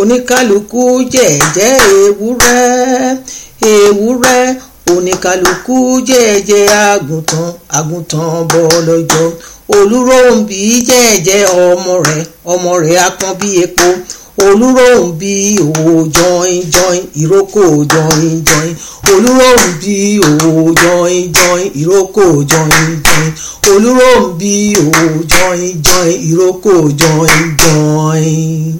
oníkálukú jẹ̀jẹ̀ ewúrẹ́ ewúrẹ́ oníkálukú jẹ́jẹ́ àgùntàn àgùntàn bọ̀ lọ́jọ́ olúróǹbí jẹ́jẹ́ ọmọ rẹ̀ ọmọ rẹ̀ apọ́n bí epo olúróǹbí òwò jọin join ìrókò jọin jọin olúróǹbí òwò jọin join ìrókò jọin jọin olúróǹbí òwò jọin join ìrókò jọin jọin.